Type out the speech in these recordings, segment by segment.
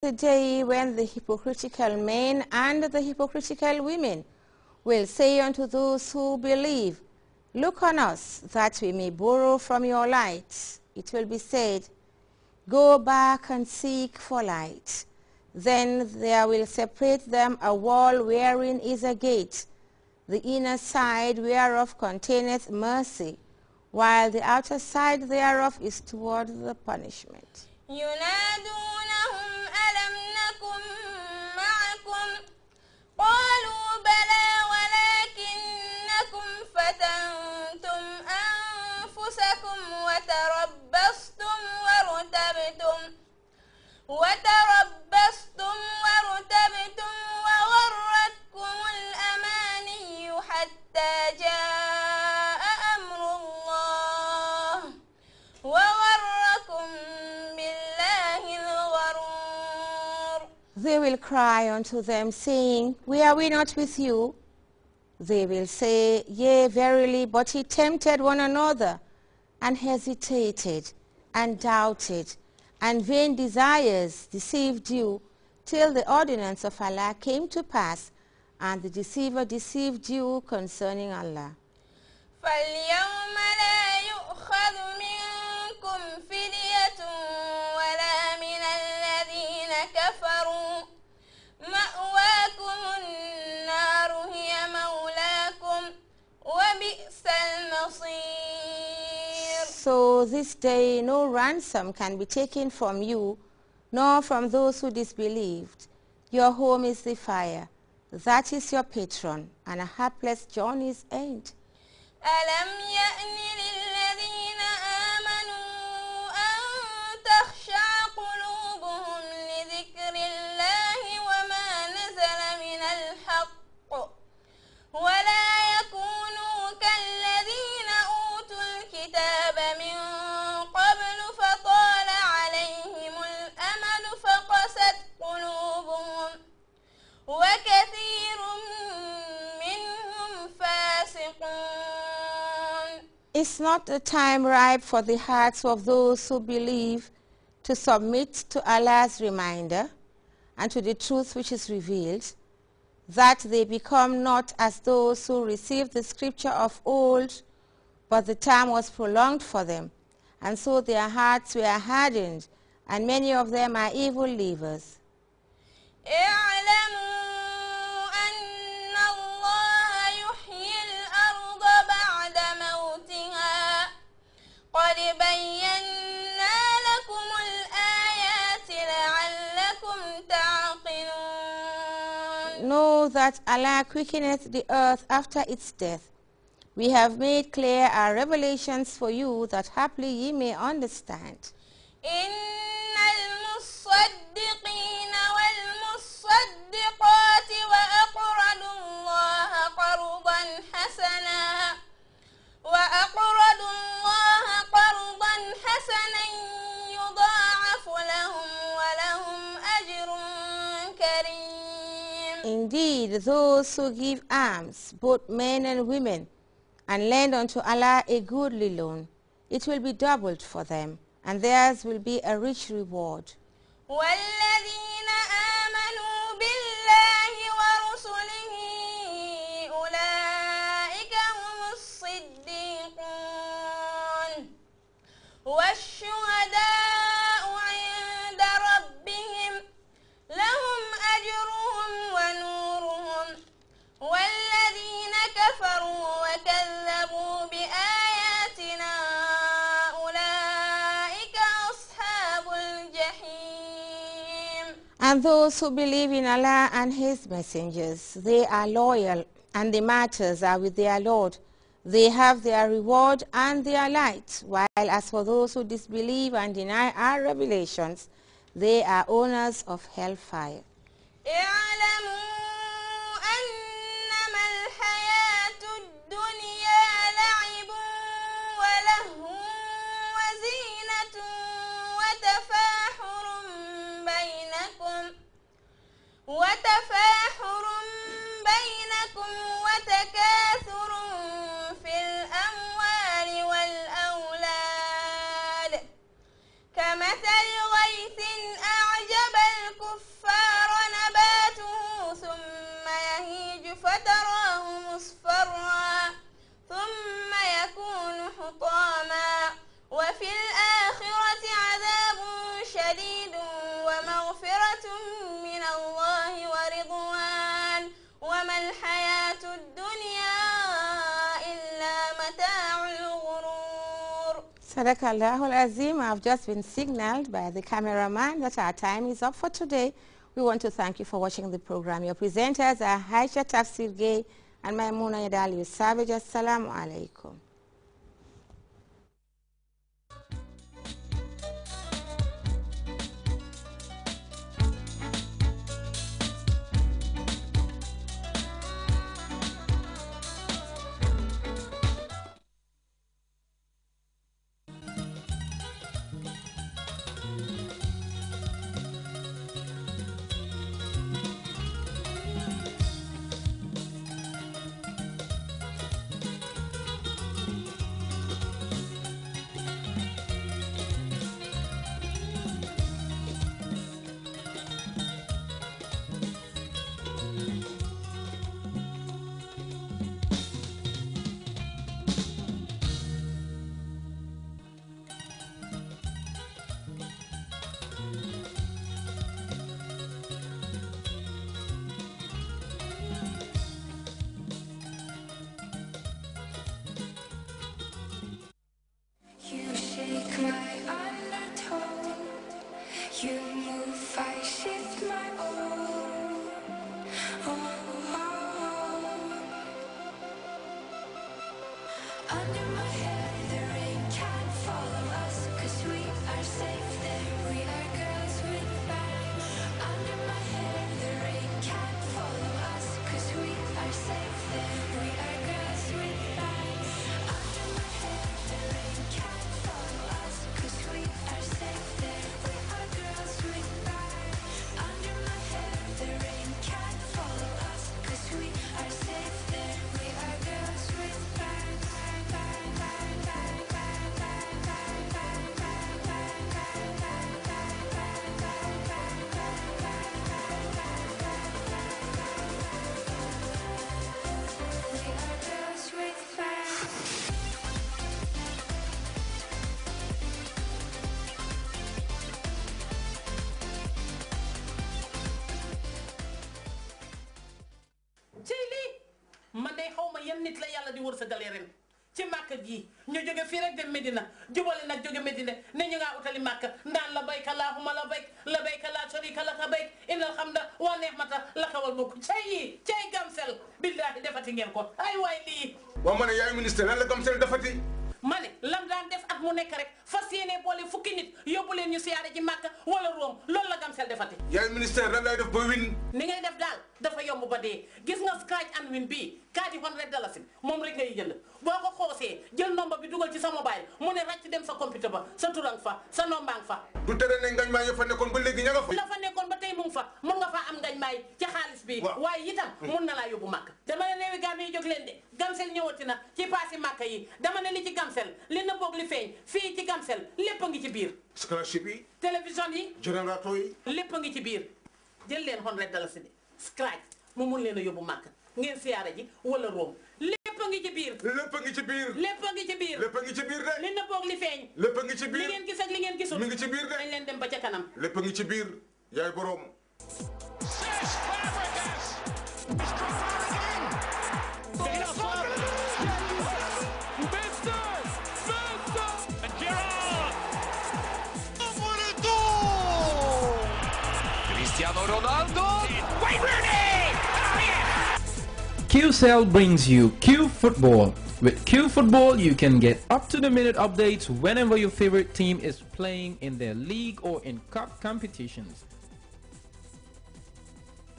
the day when the hypocritical men and the hypocritical women will say unto those who believe, Look on us, that we may borrow from your light. It will be said, Go back and seek for light. Then there will separate them a wall wherein is a gate, the inner side whereof containeth mercy, while the outer side thereof is toward the punishment. نكن معكم قالوا بلى ولكنكم فتنتم They will cry unto them, saying, are we not with you? They will say, Yea, verily, but he tempted one another, and hesitated, and doubted, and vain desires deceived you, till the ordinance of Allah came to pass, and the deceiver deceived you concerning Allah. So this day no ransom can be taken from you, nor from those who disbelieved. Your home is the fire. That is your patron, and a hapless journey's end. ألم يأن Is not the time ripe for the hearts of those who believe to submit to Allah's reminder and to the truth which is revealed, that they become not as those who received the scripture of old, but the time was prolonged for them, and so their hearts were hardened, and many of them are evil livers. قد بينا لكم الآيات لعلكم تعقلون Know that Allah quickeneth the earth after its death. We have made clear our revelations for you that haply ye may understand. إن يضاعف لهم ولهم أجر كريم Indeed, those who give alms, both men and women, and lend unto Allah a goodly loan, it will be doubled for them, and theirs will be a rich reward. والذين And those who believe in Allah and His messengers, they are loyal and the matters are with their Lord. They have their reward and their light, while as for those who disbelieve and deny our revelations, they are owners of hellfire. وتفاحروا الحياة الدنيا إلا متاع الغرور صدق الله العظيم I've just been signaled by the cameraman that our time is up for today. We want to thank you for watching the program. Your presenters are Haisha Tafsir Gay and Maymunah Yadali Savage. Assalamu alaikum. Under my man day xaw ma yan nit la yàlla di wërsëgalee ren ci màkk gii ñu jóge fii rek dem Medina jubale nak jóge Medina ne ñu ngaa utali màkk ndaan la bayka laahuma la bayk la bayka laa sharika laka bayk innal hamda wa ni'mata laka wal mulk cay yi cay gamsel billaahi defati ngeen ko ay waay lii waaw ma ne yaay ministre lan la gamsel defati ma lam daan def at mu nekk rek fas yéene boole fukki nit yóbbu leen ñu siyaare ji màkk wala Rome loolu la gamsel defati yaay ministre lan lay def ba win ni ngay def dal dafa yomb ba dee gis nga scratch and win bii kaati fanweeri dalasin moom rek ngay jënd boo ko xoosee jël nomba bi dugal ci sa mobile mu ne ràcc dem sa computer ba sa turang fa sa nombaang fa du tere ne ngañ maay ya fa nekkoon ba léegi ña nga fa la fa nekkoon ba tey mu ngi fa mun nga faa am ngañ maay ci xaalis bi waaye itam mun na laa yóbbu mag dama ne neewi gaam yi jóg leen de gamsel ñëwati na ci paasi màkk yi dama ne li ci gamsel li na boog li feeñ fii ci gamsel lépp a ngi biir scratch bi télévision yi générateur yi lépp a ngi ci biir jël leen hundred dalasi de scratch mu mun leen a yóbbu màkk ngeen siyaara ji wala Rome lépp a ngi ci biir. lépp a ngi ci biir. lépp a ngi ci biir. lépp a ngi ci biir de. li nëbboog li feeñ. lépp a ngi ci biir li ngeen gis ak li ngeen gisul. mi ngi ci biir de dañ leen dem ba ca kanam. lépp a ngi ci biir yaay boroom. Cristiano Ronaldo QCell brings you Q Football. With Q Football, you can get up-to-the-minute updates whenever your favorite team is playing in their league or in cup competitions.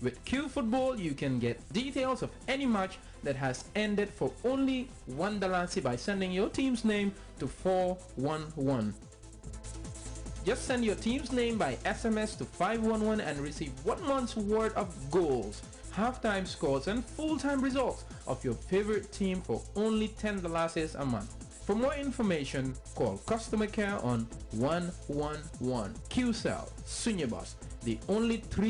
With Q Football, you can get details of any match that has ended for only $1 by sending your team's name to 411. Just send your team's name by SMS to 511 and receive one month's worth of goals halftime scores and full-time results of your favorite team for only $10 a month. For more information, call customer care on 111 QCell Sunyabus, the only three